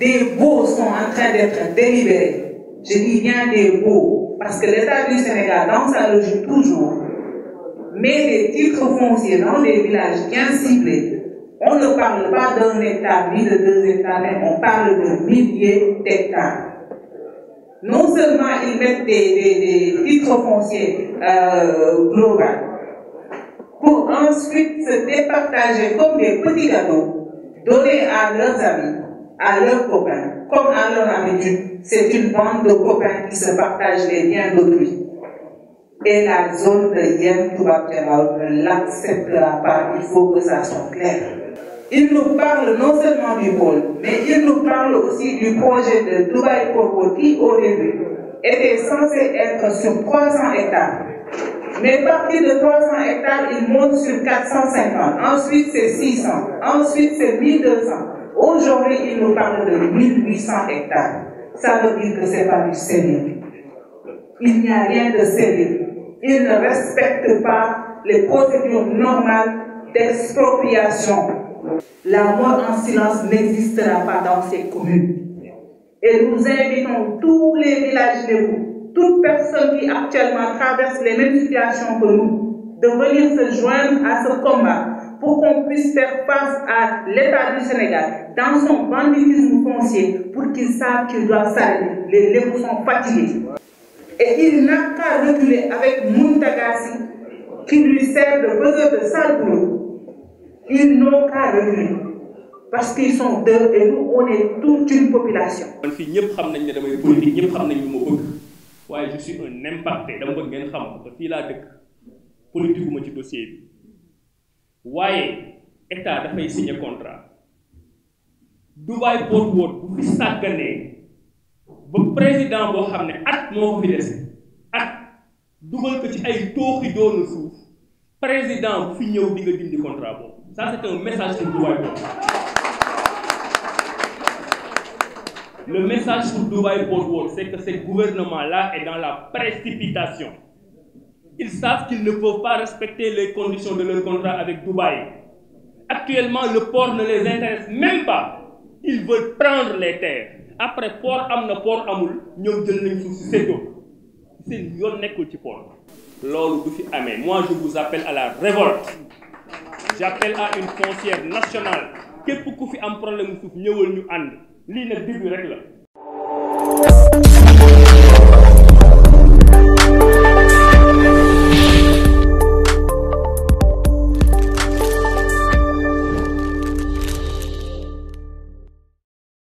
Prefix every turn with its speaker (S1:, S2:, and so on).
S1: des baux sont en train d'être délibérés. Je dis bien des baux, parce que l'État du Sénégal, dans sa logique toujours, met des titres fonciers dans les villages bien ciblés. On ne parle pas d'un état, ni de deux états, mais on parle de milliers d'hectares. Non seulement ils mettent des, titres fonciers euh, globaux, pour ensuite se départager comme des petits gâteaux donnés à leurs amis à leurs copains, comme à leur habitude, c'est une bande de copains qui se partagent les liens d'autrui. Et la zone de Yem Toubab ne l'acceptera pas, il faut que ça soit clair. Il nous parle non seulement du pôle, mais il nous parle aussi du projet de Dubaï Corpo qui, au début, était censé être sur 300 hectares. Mais parti de 300 hectares, il monte sur 450. Ensuite, c'est 600. Ensuite, c'est 1200. Aujourd'hui, il nous parle de 1800 hectares. Ça veut dire que ce n'est pas du sérieux. Il n'y a rien de sérieux. Il ne respecte pas les procédures normales d'expropriation. La mort en silence n'existera pas dans ces communes. Et nous invitons tous les villages de vous, toute personne qui actuellement traverse les mêmes situations que nous, de venir se joindre à ce combat pour qu'on puisse faire face à l'État du Sénégal dans son banditisme foncier pour qu'ils savent qu'ils doit s'arrêter. Les sont fatigués. Et il n'a qu'à reculer avec Muntagasi qui lui sert de besoin de sale boulot. Ils n'ont qu'à reculer. parce qu'ils sont deux et nous on est toute une population.
S2: je suis un impacté waaye état dafay signé contrat Dubai Port World bu fi sàgganee ba président boo xam ne at moo fi des at dugal ko ci ay tooxi doonu président bu fi ñëw di contrat ça c'est un message pour Dubai Port le message pour Dubai Port World c'est que ce gouvernement là est dans la précipitation ils savent qu'ils ne peuvent pas respecter les conditions de leur contrat avec Dubaï. Actuellement, le port ne les intéresse même pas. Ils veulent prendre les terres. après port am port amul ñom jël nañ suuf si C'est seen yoon ci port Lolu du fi moi je vous appelle à la révolte j'appelle à une foncière nationale Que ku fi am problème suuf ñëwal ñu